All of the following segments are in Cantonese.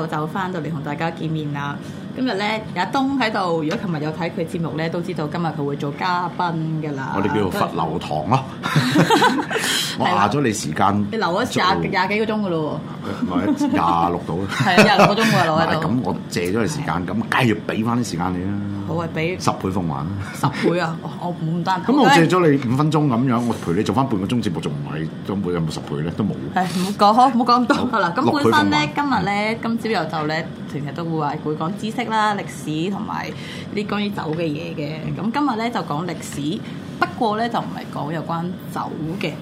我就就翻到嚟同大家見面啦！今日咧，阿東喺度。如果琴日有睇佢節目咧，都知道今日佢會做嘉賓噶啦。我哋叫做佛流堂咯、啊， 我壓咗你時間，你留咗廿廿幾個鐘噶咯。咪廿六度啊！係啊，廿六個鐘冇啊，留喺度。咁我借咗你時間，咁繼續俾翻啲時間你啦。好啊，俾十倍奉還啦。十倍啊！我唔得。咁我借咗你五分鐘咁樣，我陪你做翻半個鐘節目，仲唔係都冇有冇十倍咧？都冇。係唔好講，好唔好講咁多。好啦，十倍奉還。今日咧，今朝又就咧，成日都會話會講知識啦、歷史同埋啲關於酒嘅嘢嘅。咁今日咧就講歷史，不過咧就唔係講有關酒嘅。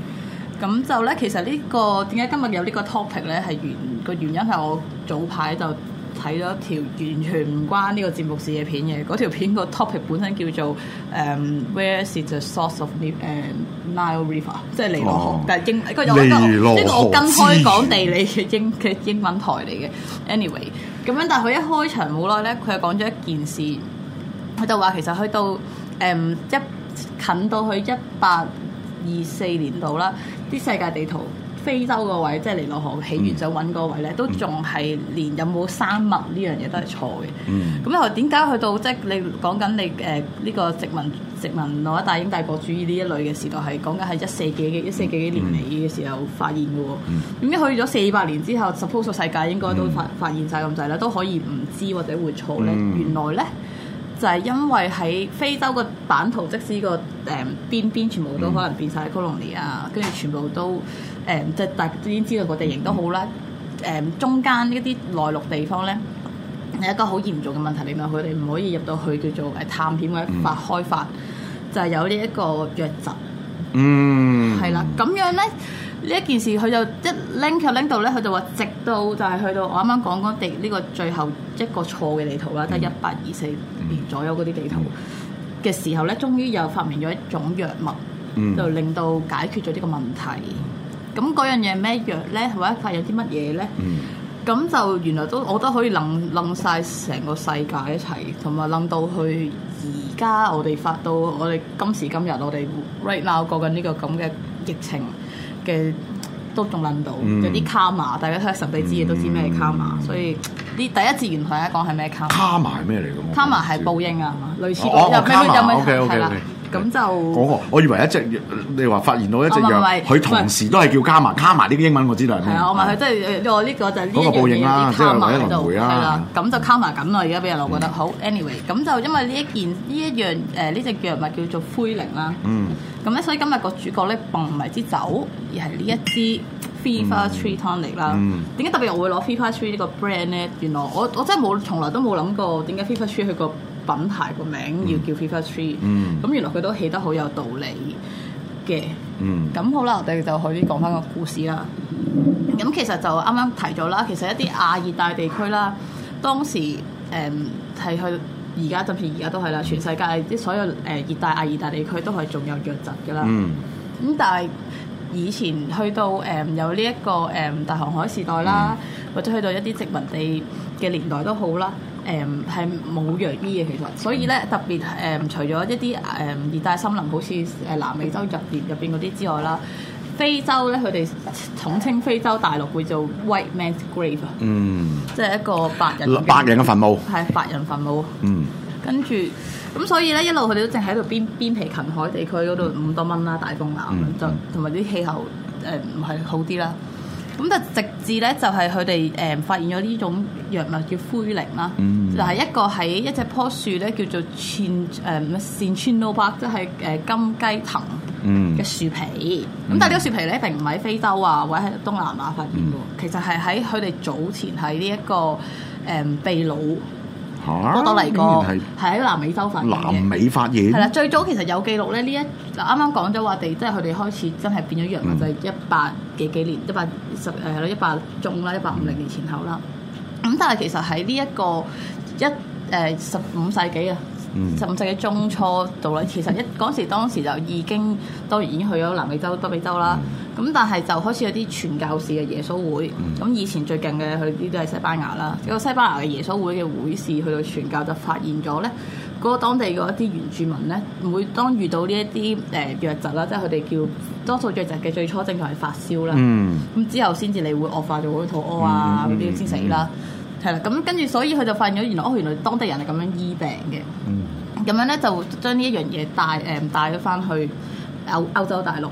咁就咧，其實呢個點解今日有呢個 topic 咧，係原個原因係我早排就睇咗一條完全唔關呢個節目事嘅片嘅。嗰條片個 topic 本身叫做誒 Where is the source of 誒 Nile River？即係尼羅河，但係英個有個，呢個我跟開講地理嘅英嘅英文台嚟嘅。Anyway，咁樣但係佢一開場冇耐咧，佢就講咗一件事，佢就話其實去到誒一近到去一八二四年度啦。啲世界地圖非洲個位，即係尼羅河起源、嗯、想揾個位咧，都仲係連有冇生物呢樣嘢都係錯嘅。咁又點解去到即係、就是、你講緊你誒呢、呃這個殖民殖民或一大英帝國主義呢一類嘅時代，係講緊係一四幾嘅一四幾幾,四幾年尾嘅時候發現嘅喎？點解、嗯嗯、去咗四百年之後，suppose、嗯、世界應該都發、嗯、發現晒咁滯啦，都可以唔知或者會錯咧、嗯？原來咧。就係因為喺非洲個版圖，即使、這個誒、嗯、邊邊全部都可能變曬 colony 啊，跟住全部都誒，即、嗯、係、就是、大家已經知道個地形都好啦。誒、嗯嗯，中間呢啲內陸地方咧，係一個好嚴重嘅問題，令到佢哋唔可以入到去叫做誒探險嘅發開發，就係有呢一個約制。嗯，係、嗯、啦，咁樣咧呢一件事，佢就一 link 又 link 到咧，佢就話直到就係去到我啱啱講嗰地呢、呢個最後。一個錯嘅地圖啦，得一八二四年左右嗰啲地圖嘅、嗯、時候咧，終於又發明咗一種藥物，就、嗯、令到解決咗呢個問題。咁嗰樣嘢咩藥咧？或者發現啲乜嘢咧？咁、嗯、就原來都我覺得可以諗諗晒成個世界一齊，同埋諗到去而家我哋發到我哋今時今日，我哋 right now 過緊呢個咁嘅疫情嘅都仲諗到、嗯、有啲卡瑪，大家睇下神秘知嘢都知咩係卡瑪，所以。你第一自然台講係咩卡？卡埋係咩嚟㗎？卡埋係報應啊，類似有咩有咩係啦。咁就嗰個，我以為一隻你話發現到一隻藥，佢同時都係叫卡埋。卡埋呢啲英文我知啦。係啊，我問佢即係我呢個就係呢一件嘅報應啦，即係喺輪迴啦。係啦，咁就卡埋咁咯。而家俾人我覺得好。anyway，咁就因為呢一件呢一樣誒呢隻藥物叫做奎寧啦。嗯。咁咧，所以今日個主角咧，並唔係支酒，而係呢一支。Fever Tree tonic 啦、嗯，點解特別我會攞 Fever Tree 呢個 brand 咧？原來我我真係冇從來都冇諗過，點解 Fever Tree 佢個品牌個名要叫 Fever Tree 咁、嗯、原來佢都起得好有道理嘅。咁、嗯、好啦，我哋就可以講翻個故事啦。咁其實就啱啱提咗啦，其實一啲亞熱帶地區啦，當時誒係佢而家甚至而家都係啦，全世界啲所有誒熱帶亞熱帶地區都係仲有瘧疾㗎啦。咁、嗯、但係以前去到誒、嗯、有呢、這、一個誒、嗯、大航海時代啦，嗯、或者去到一啲殖民地嘅年代都好啦，誒係冇藥醫嘅其實，所以咧特別誒、嗯、除咗一啲誒熱帶森林，好似誒南美洲入邊入邊嗰啲之外啦，非洲咧佢哋統稱非洲大陸會做 White Man's Grave 啊，嗯，即係一個白人白人嘅墳墓，係白人墳墓，嗯，跟住。咁所以咧，一路佢哋都淨喺度邊邊皮近海地區嗰度咁多蚊啦、大風啊，就同埋啲氣候誒唔係好啲啦。咁就直至咧，就係佢哋誒發現咗呢種藥物叫奎寧啦。就係一個喺一隻棵樹咧，叫做線誒咩線川豆柏，即係誒金雞藤嘅樹皮。咁但係呢個樹皮咧，並唔喺非洲啊，或者喺東南亞發現嘅，其實係喺佢哋早前喺呢一個誒秘魯。我都嚟過，係喺南美洲發現。南美發現係啦，最早其實有記錄咧。呢一嗱啱啱講咗話，哋即係佢哋開始真係變咗樣，嗯、就係一百幾幾年，一百十誒係啦，一百中啦，一百五零年前後啦。咁、嗯、但係其實喺呢、這個、一個一誒十五世紀啊。十五世紀中初到啦。其實一嗰時當時就已經當然已經去咗南美洲、北美洲啦。咁但係就開始有啲傳教士嘅耶穌會。咁以前最近嘅佢啲都係西班牙啦。個西班牙嘅耶穌會嘅會士去到傳教就發現咗咧，嗰個當地嘅一啲原住民咧，每當遇到呢一啲誒瘧疾啦，即係佢哋叫多數瘧疾嘅最初症狀係發燒啦。咁之後先至你會惡化咗，會肚屙啊嗰啲先死啦。係啦，咁跟住所以佢就發現咗，原來哦原來當地人係咁樣醫病嘅。咁樣咧，就將呢一樣嘢帶誒帶咗翻去歐歐洲大陸。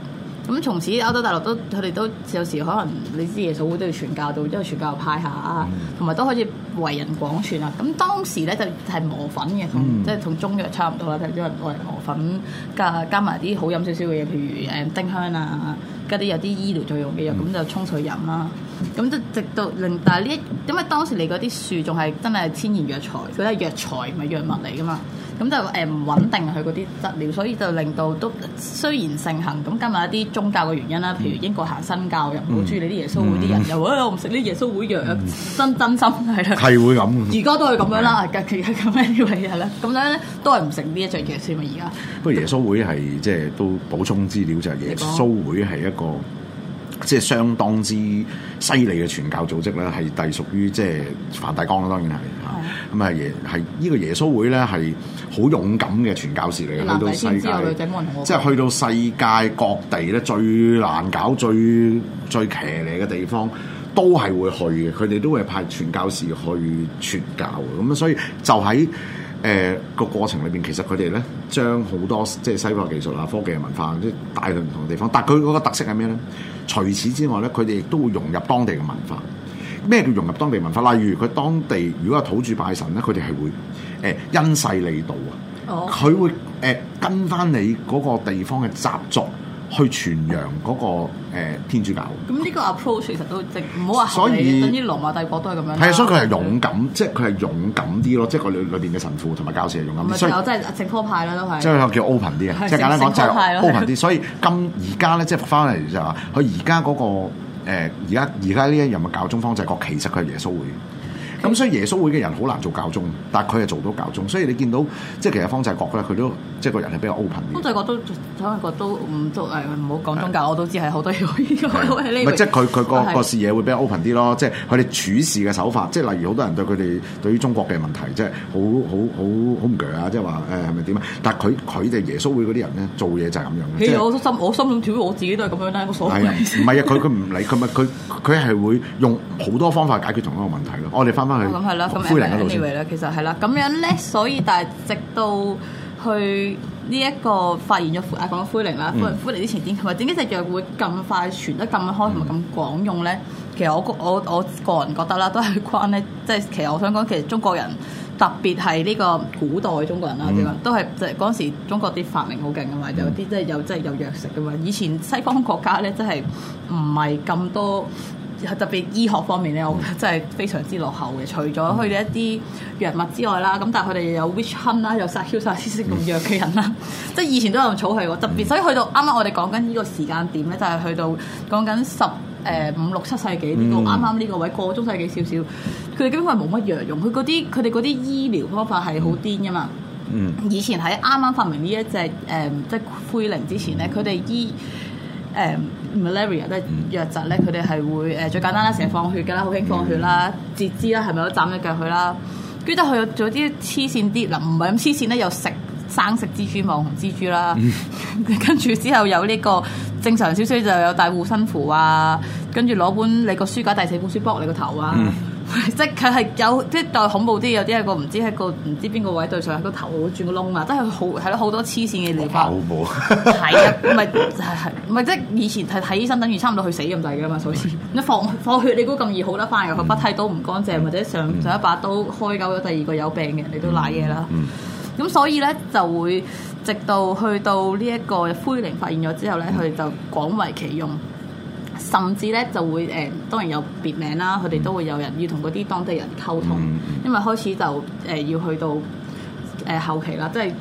咁從此歐洲大陸都佢哋都有時可能，你知耶穌會都要傳教到，因為傳教派下啊，同埋都可以為人廣傳啊。咁當時咧就係磨粉嘅，即係同中藥差唔多啦。就將為磨粉加加埋啲好飲少少嘅嘢，譬如誒丁香啊，加啲有啲醫療作用嘅藥，咁、嗯、就沖水飲啦。咁就直到令但係呢，因為當時嚟嗰啲樹仲係真係天然藥材，佢係藥材，唔係藥物嚟噶嘛。咁就誒唔穩定佢嗰啲質料，所以就令到都雖然盛行，咁加埋一啲宗教嘅原因啦，譬如英國行新教，又唔好鍾意你啲耶穌會啲人，又我唔食啲耶穌會藥，真真心係啦，係會咁。而家都係咁樣啦，繼續咁樣係啦，咁樣咧都係唔食呢一隻嘢先嘛。而家不過耶穌會係即係都補充資料就係耶穌會係一個。即係相當之犀利嘅傳教組織咧，係隸屬於即係梵蒂岡啦，當然係嚇。咁啊耶，係呢、嗯這個耶穌會咧，係好勇敢嘅傳教士嚟嘅，去到世界，即係去到世界各地咧，最難搞、最最騎呢嘅地方，都係會去嘅。佢哋都會派傳教士去傳教，咁、嗯、所以就喺。誒、呃、個過程裏邊，其實佢哋咧將好多即係西方技術啊、科技啊、文化，即係帶到唔同嘅地方，但佢嗰個特色係咩咧？除此之外咧，佢哋亦都會融入當地嘅文化。咩叫融入當地文化？例如佢當地如果係土著拜神咧，佢哋係會誒、呃、因勢利導，啊、oh.，佢會誒跟翻你嗰個地方嘅習俗。去傳揚嗰個天主教。咁呢個 approach 其實都即唔好話，所以等於羅馬帝國都係咁樣。係啊，所以佢係勇敢，即係佢係勇敢啲咯，即係個裏裏邊嘅神父同埋教士係勇敢啲。所以我真係正科派啦，都係。即係佢叫 open 啲啊！即係簡單講就 open 啲，所以咁而家咧，即係翻嚟就係話，佢而家嗰個而家而家呢一任嘅教宗方濟各，其實佢係耶穌會。咁、嗯、所以耶穌會嘅人好難做教宗，但係佢係做到教宗，所以你見到即係其實方濟各咧，佢都即係個人係比較 open 啲。方濟各都，方濟各都唔足誒，唔好講宗教，的我都知係好多嘢可以呢即係佢佢個的個視野會比較 open 啲咯，即係佢哋處事嘅手法，即係例如好多人對佢哋對於中國嘅問題，即係好好好好唔鋸啊，即係話誒係咪點啊？但係佢佢哋耶穌會嗰啲人咧做嘢就係咁樣。其實我心、就是、我心諗我自己都係咁樣啦，我所唔係啊，佢佢唔理佢咪佢佢係會用好多方法解決同一個問題咯。我哋翻翻。咁係啦，咁 anyway 咧，其實係啦，咁樣咧，所以但係直到去呢一個發現咗灰，講到灰靈啦，灰灰靈之前點同埋點解隻藥會咁快傳得咁開同埋咁廣用咧？其實我我我個人覺得啦，都係關咧，即、就、係、是、其實我想講，其實中國人特別係呢個古代中國人啦，點講、嗯、都係即係嗰陣時中國啲發明好勁噶嘛，嗯、有啲即係有即係、就是有，就是、有藥食噶嘛。以前西方國家咧，即係唔係咁多。特別醫學方面咧，我真係非常之落後嘅。除咗佢哋一啲藥物之外啦，咁但係佢哋又有 witch hunt 啦，又殺 kill 晒咁弱嘅人啦， 即係以前都有用草去喎。特別，所以去到啱啱我哋講緊呢個時間點咧，就係、是、去到講緊十誒、呃、五六七世紀呢個啱啱呢個位過中世紀少少，佢哋基本係冇乜藥用。佢嗰啲佢哋嗰啲醫療方法係好癲㗎嘛。嗯嗯、以前喺啱啱發明呢一隻誒即係奎寧之前咧，佢哋醫誒。呃 Malaria 啊，都係瘧疾咧，佢哋係會誒、呃、最簡單啦，成日放血㗎啦，好興放血啦，截肢啦，係咪都斬咗腳佢啦？跟住得佢又做啲黐線啲，嗱唔係咁黐線咧，又食生食蜘蛛網同蜘蛛啦， 跟住之後有呢、這個正常少少就有戴護身符啊，跟住攞本你個書架第四本書扑你個頭啊！ 即佢係有啲代恐怖啲，有啲係個唔知係個唔知邊個位對上個頭好轉個窿啊！真係好係咯，好多黐線嘅地方。恐係啊，唔係就係唔係即係以前睇睇醫生等於差唔多去死咁滯噶嘛？所以你放放血，你估咁易好得翻嘅？佢、嗯、不太都唔乾淨，嗯、或者上上一把刀開鳩咗第二個有病嘅，你都賴嘢啦。咁、嗯、所以咧就會直到去到呢一個奎寧發現咗之後咧，佢就廣為其用。甚至咧就會誒、呃，當然有別名啦，佢哋都會有人要同嗰啲當地人溝通，mm hmm. 因為開始就誒、呃、要去到誒、呃、後期啦，即係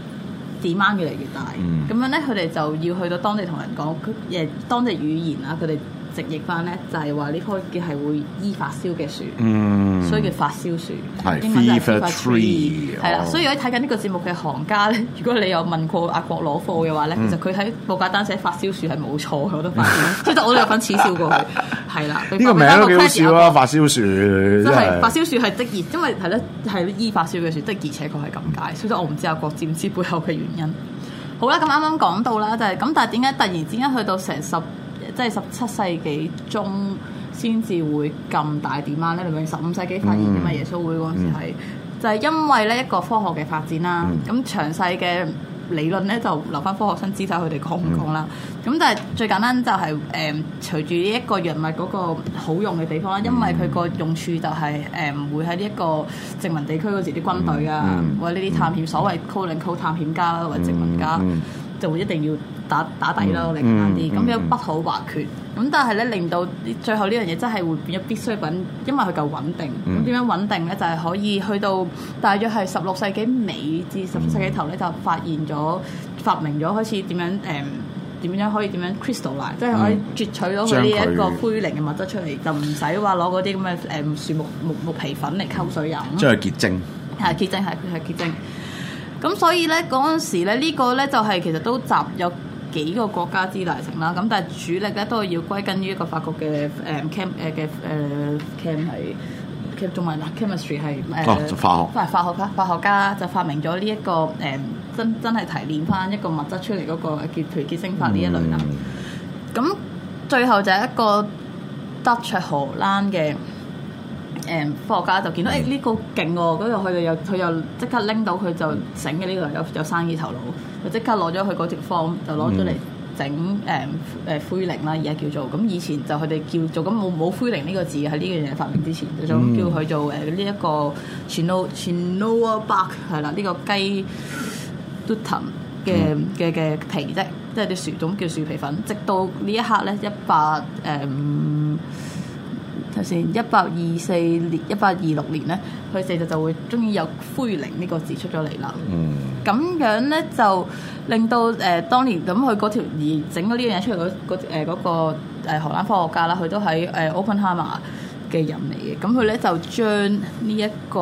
demand 越嚟越大，咁、mm hmm. 樣咧佢哋就要去到當地同人講誒、呃、當地語言啦，佢哋。直譯翻咧，就係話呢棵嘅係會醫發燒嘅樹，嗯、所以叫發燒樹。係 fever tree 啦。所以喺睇緊呢個節目嘅行家咧，如果你有問過阿國攞貨嘅話咧，嗯、其實佢喺報價單寫發燒樹係冇錯嘅，我都發現。即係 我都有份恥笑過去，係 啦。呢個名幾好笑啊！發燒樹，即係是發燒樹係職業，因為係咧係醫發燒嘅樹，即係而且確係咁解。所以，我唔知阿國知唔知背後嘅原因。好啦，咁啱啱講到啦，就係、是、咁，但係點解突然之間去到成十？即係十七世紀中先至會咁大點啦。咧，你明十五世紀發現啲乜耶穌會嗰陣時係就係因為咧一個科學嘅發展啦。咁、嗯、詳細嘅理論咧就留翻科學生知仔佢哋講唔講啦。咁、嗯、但係最簡單就係、是、誒、嗯、隨住呢一個藥物嗰個好用嘅地方啦，因為佢個用處就係、是、唔、嗯、會喺呢一個殖民地區嗰時啲軍隊啊，嗯嗯嗯、或者呢啲探險、嗯嗯、所謂 colonial 探險家啦，或者殖民家、嗯嗯嗯嗯、就會一定要。打打底咯，嚟簡單啲。咁樣不可或缺。咁但係咧，令到最後呢樣嘢真係會變咗必需品，因為佢夠穩定。咁點樣穩定咧？就係可以去到大約係十六世紀尾至十七世紀頭咧，就發現咗、發明咗，開始點樣誒點樣可以點樣 crystal 化，即係可以截取咗佢呢一個奎寧嘅物質出嚟，就唔使話攞嗰啲咁嘅誒樹木木木皮粉嚟溝水飲。將佢結晶。係結晶，係係結晶。咁所以咧嗰陣時咧，呢個咧就係其實都集有。幾個國家之大成啦，咁但係主力咧都係要歸根於一個法國嘅誒 cam 誒嘅誒 cam 係 cam 中文啦 chemistry 係誒，化學，化學家，化學家就發明咗呢一個誒真真係提煉翻一個物質出嚟嗰，那個結除結晶法呢一類啦。咁、嗯、最後就係一個德國荷蘭嘅。誒科學家就見到，誒、欸、呢 cko 個勁喎、啊，咁又佢哋又佢又即刻拎到佢就整嘅呢個有有生意頭腦，就即刻攞咗佢嗰條方就攞咗嚟整誒誒奎寧啦，而、uh, 家叫做咁以前就佢哋叫做咁冇冇奎寧呢個字喺呢樣嘢發明之前，就咁叫佢做誒呢一個 cinchona, cinchona bark 係啦，呢個雞 duet 嘅嘅嘅皮質，即係啲樹種叫樹皮粉，直到呢一刻咧一八誒就算一八二四年、一八二六年咧，佢成日就會鍾意有奎寧呢、這個字出咗嚟啦。嗯，咁樣咧就令到誒，當年咁佢嗰條而整咗呢樣嘢出嚟嗰嗰誒個、呃那個呃、荷蘭科學家啦，佢都喺誒、呃、o p e n h a e m s e r 嘅人嚟嘅。咁佢咧就將呢、這、一個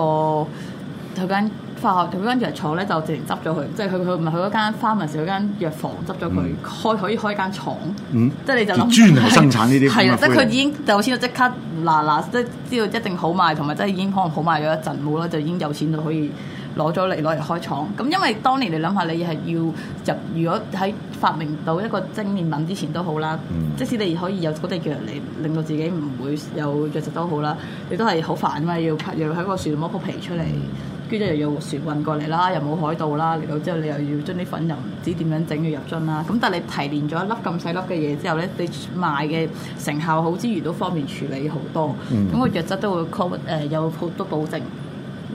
佢間。化學，佢跟住嚟藥廠咧，就直接執咗佢。即係佢佢唔係佢嗰間花紋時嗰間藥房執咗佢，嗯、開可以開間廠。嗯，即係你就諗專係生產呢啲。係啊，即係佢已經有錢要即刻嗱嗱，即係知道一定好賣，同埋即係已經可能好賣咗一陣冇啦，就已經有錢就可以攞咗嚟攞嚟開廠。咁因為當年你諗下，你係要入，如果喺發明到一個精製品之前都好啦，嗯、即使你可以有嗰啲藥嚟令到自己唔會有藥食都好啦，你都係好煩啊嘛，要要喺個樹度剝皮出嚟。嗯。跟住又要船運過嚟啦，又冇海盜啦。嚟到之後，你又要將啲粉又唔知點樣整佢入樽啦。咁但係你提煉咗一粒咁細粒嘅嘢之後咧，你賣嘅成效好之餘都方便處理好多。咁個藥質都會誒有好多保證。咁、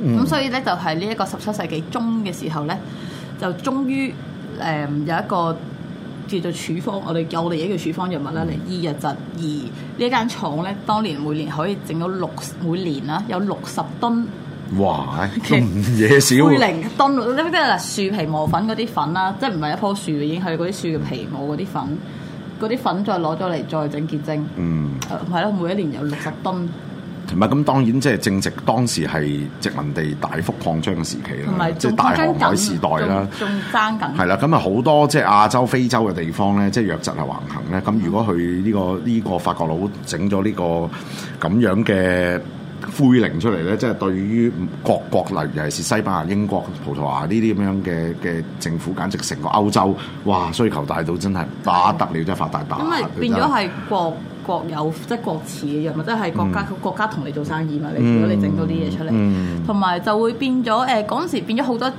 嗯、所以咧就係呢一個十七世紀中嘅時候咧，就終於誒有一個叫做處方，我哋有嘅嘢叫處方藥物啦嚟、嗯、醫瘧疾。而廠呢間廠咧，當年每年可以整到六每年啦，有六十噸。哇！咁嘢少喎，灰靈噸咩啦？樹皮磨粉嗰啲粉啦，即係唔係一棵樹，已經係嗰啲樹嘅皮磨嗰啲粉，嗰啲粉再攞咗嚟再整結晶。嗯，係咯、呃，每一年有六十噸。同埋咁當然即係正值當時係殖民地大幅擴張嘅時期啦，即係有大航海時代啦，仲爭緊。係啦，咁啊好多即係亞洲、非洲嘅地方咧，即係瘧疾係橫行咧。咁如果佢呢、呢個呢、呢個法國佬整咗呢個咁樣嘅。奎寧出嚟咧，即、就、係、是、對於各國嚟，尤其是西班牙、英國、葡萄牙呢啲咁樣嘅嘅政府，簡直成個歐洲，哇！需求大到真係打得了，真係的發大打。因為變咗係國、嗯、國有，即係國賜嘅人物，即係國家、嗯、國家同你做生意嘛。如果你整到啲嘢出嚟，同埋、嗯嗯、就會變咗誒嗰陣時變咗好多。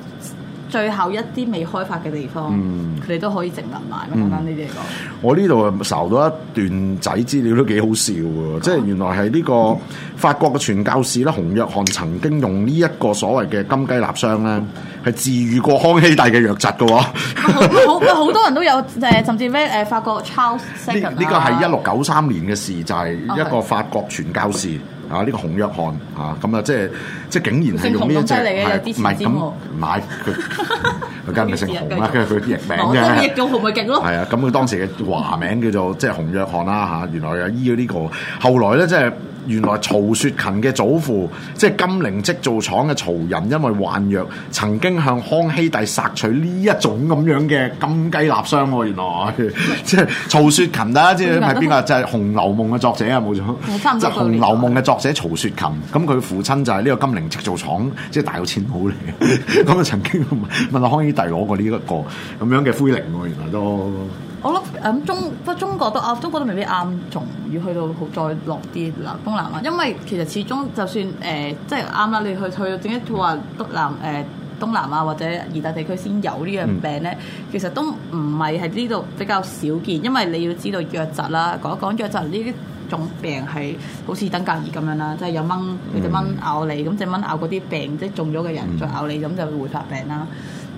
最後一啲未開發嘅地方，佢哋、嗯、都可以殖民埋咯。講呢啲嚟講，我呢度搜到一段仔資料都幾好笑嘅，啊、即係原來係呢、這個、嗯、法國嘅傳教士咧，洪若翰曾經用呢一個所謂嘅金雞納霜咧，係、嗯、治愈過康熙帝嘅瘧疾嘅喎。好，好多人都有誒，甚至咩誒這？法國抄呢？呢個係一六九三年嘅事，就係、是、一個法國傳教士。嗯 okay. 啊！呢個洪若翰啊，咁、就是、 啊，即係即係竟然係用呢一隻，唔係咁買佢，佢梗係姓洪啦，佢係佢譯名嘅，譯叫紅咪勁咯。係啊，咁佢當時嘅華名叫做即係洪若翰啦嚇。原來啊醫咗呢、這個，後來咧即係。就是原來曹雪芹嘅祖父即係金陵織造廠嘅曹寅，因為患瘧，曾經向康熙帝索取呢一種咁樣嘅金雞納霜喎。原來喂即係曹雪芹啦，即係係邊個？就係《紅樓夢》嘅作者啊，冇錯。即係《紅樓夢》嘅作者曹雪芹，咁佢父親就係呢個金陵織造廠，即係大有錢佬嚟。咁佢 曾經問阿康熙帝攞過呢、這、一個咁樣嘅奎寧喎，原來都。我諗咁中不過中國都啊，中國都未必啱，仲要去到好再落啲嗱東南亞，因為其實始終就算誒、呃、即係啱啦，你去去到點解話東南誒東南亞或者熱帶地區先有呢樣病咧？嗯、其實都唔係喺呢度比較少見，因為你要知道瘧疾啦，講一講瘧疾呢種病係好似登革熱咁樣啦，即係有蚊，呢隻蚊咬你，咁隻蚊咬嗰啲病即係中咗嘅人再咬你，咁、嗯、就會發病啦。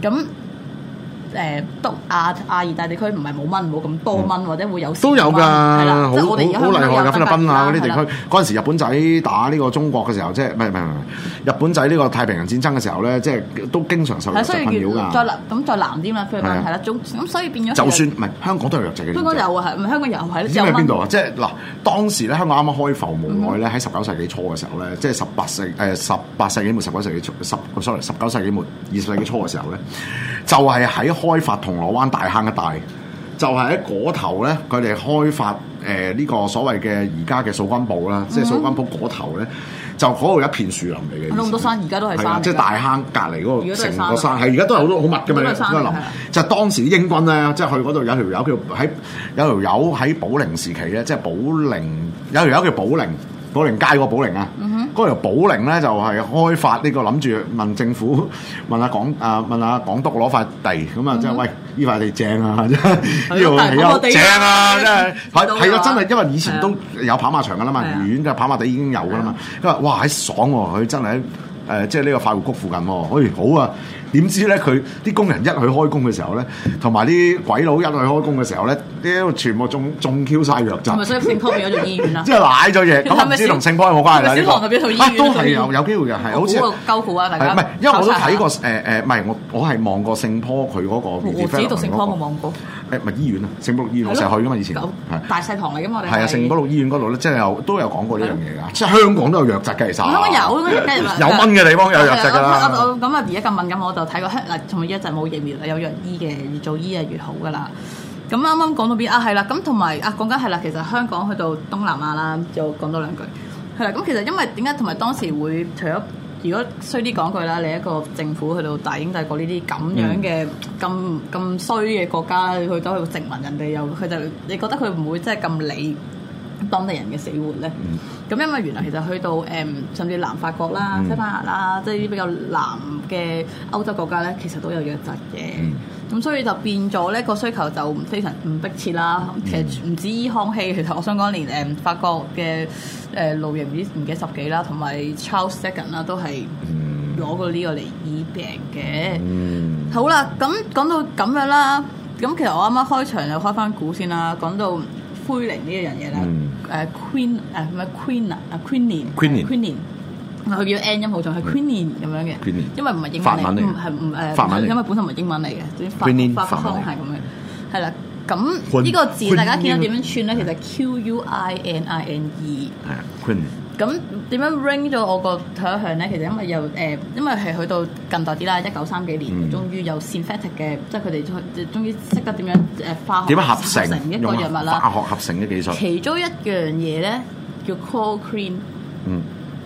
咁誒，東亞亞熱帶地區唔係冇蚊，冇咁多蚊，或者會有都有㗎，好好厲害㗎，菲律賓啊嗰啲地區，嗰陣時日本仔打呢個中國嘅時候，即係唔係唔係唔係，日本仔呢個太平洋戰爭嘅時候咧，即係都經常受日本蚊咬。所以變再南咁再南啲嘛，菲律賓係啦，咁所以變咗。就算唔係香港都有瘧疾嘅。香港有，係唔香港又係因為邊度啊？即係嗱，當時咧香港啱啱開埠，冇耐咧喺十九世紀初嘅時候咧，即係十八世誒十八世紀末、十九世紀初，十 sorry，十九世紀末、二十世紀初嘅時候咧，就係喺開發銅鑼灣大坑一帶，就係喺嗰頭咧，佢哋開發誒呢、呃這個所謂嘅而家嘅掃桿埔啦，嗯、哼即係掃桿埔嗰頭咧，就嗰度一片樹林嚟嘅。咁多、嗯、哼的山而家都係山，即係、就是、大坑隔離嗰個成個山，係而家都係好多好密嘅嘛，林的就當時英軍咧，即、就、係、是、去嗰度有條友，叫喺有條友喺寶寧時期咧，即係寶寧有條友叫寶寧，寶寧街個寶寧啊。嗯嗰個由寶靈咧，就係開發呢、呢個諗住問政府，問下港啊、呃、問下港督攞塊地咁啊，即係喂，呢塊地正啊，呢度起樓正啊， 真係是係啊，真係因為以前都有跑馬場噶啦嘛，園嘅跑馬地已經有噶啦嘛，佢話 哇喺爽喎、啊，佢真係誒即係呢個快活谷附近喎，可以、呃呃呃呃，好啊！點知咧？佢啲工人一去開工嘅時候咧，同埋啲鬼佬一去開工嘅時候咧，全部中中 Q 曬藥就係所以聖坡有咗醫院啊？即係賴咗嘢，咁唔知同聖坡有冇關係咧？小浪去邊度醫院都係有有機會嘅，係好似鳩好啊！大家係咪？因為我都睇過誒誒，唔係我我係望過聖坡佢嗰個蝴蝶飛行聖坡我望唔咪誒醫院啊？聖保路醫院我成日去噶嘛？以前大細堂嚟噶嘛？係啊！聖保路醫院嗰度咧，即係有都有講過呢樣嘢㗎。即係香港都有瘧疾嘅其實。香港有有蚊嘅地方有瘧疾㗎啦。咁啊，而家咁問緊我。就睇過啦，仲一陣冇疫苗啦，有藥醫嘅，越早醫啊越好噶啦。咁啱啱講到邊啊？係啦，咁同埋啊，講緊係啦，其實香港去到東南亞啦，就講多兩句係啦。咁其實因為點解同埋當時會除咗如果衰啲講句啦，你一個政府去到大英帝國呢啲咁樣嘅咁咁衰嘅國家去到去殖民人，人哋又佢就你覺得佢唔會即係咁理？當地人嘅死活咧，咁因為原來其實去到誒、嗯、甚至南法國啦、嗯、西班牙啦，即係啲比較南嘅歐洲國家咧，其實都有瘧疾嘅，咁所以就變咗咧個需求就非常唔迫切啦。其實唔止依康氣，其實我想講連誒、嗯、法國嘅誒路易唔知唔記得十幾啦，同埋 Charles Second 啦都係攞過呢個嚟醫病嘅。好啦，咁講到咁樣啦，咁其實我啱啱開場就開翻股先啦，講到奎寧呢一樣嘢啦。嗯誒 queen 誒，唔係 queen 啊，queen 年 queen 年 queen 年，佢叫 n 音好重，係 queen 年咁樣嘅，因為唔係英文嚟，係唔誒，因為本身唔係英文嚟嘅，啲發發音係咁樣，係啦。咁呢個字大家見到點樣串咧？其實 Q U I N I N E 係啊，Queen。咁點樣 ring 咗我個頭一向咧？其實因為又誒、呃，因為係去到近代啲啦，一九三幾年、嗯、終於有 synthetic 嘅，即係佢哋終終於識得點樣誒化學點合成成一個藥物啦。化學合成嘅技術。其中一樣嘢咧叫 Chloroquine，嗯，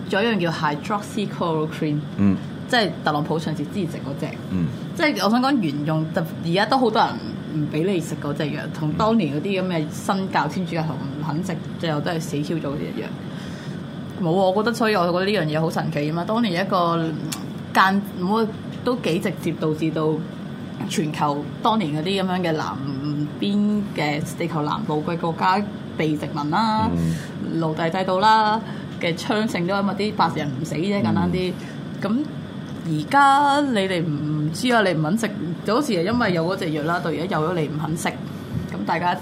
仲有一樣叫 Hydroxy Chloroquine，嗯，即係特朗普上次支持嗰隻，嗯，即係我想講原用，特而家都好多人。唔俾你食嗰隻藥，同當年嗰啲咁嘅新教天主教徒唔肯食，最後都係死超咗啲一樣。冇，我覺得，所以我覺得呢樣嘢好神奇啊嘛！當年有一個、嗯、間，我都幾直接導致到全球當年嗰啲咁樣嘅南邊嘅地球南部嘅國家被殖民啦、嗯、奴隸制度啦嘅昌盛都因為啲白人唔死啫，簡單啲咁。嗯而家你哋唔唔知啊，你唔肯食，就好似係因為有嗰隻藥啦，到而家有咗你唔肯食，咁大家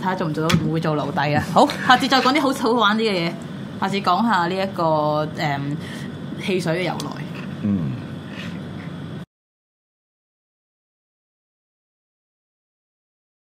睇下做唔做到，會唔會做奴隸啊？好，下次再講啲好好玩啲嘅嘢，下次講下呢、這、一個誒、嗯、汽水嘅由來。嗯。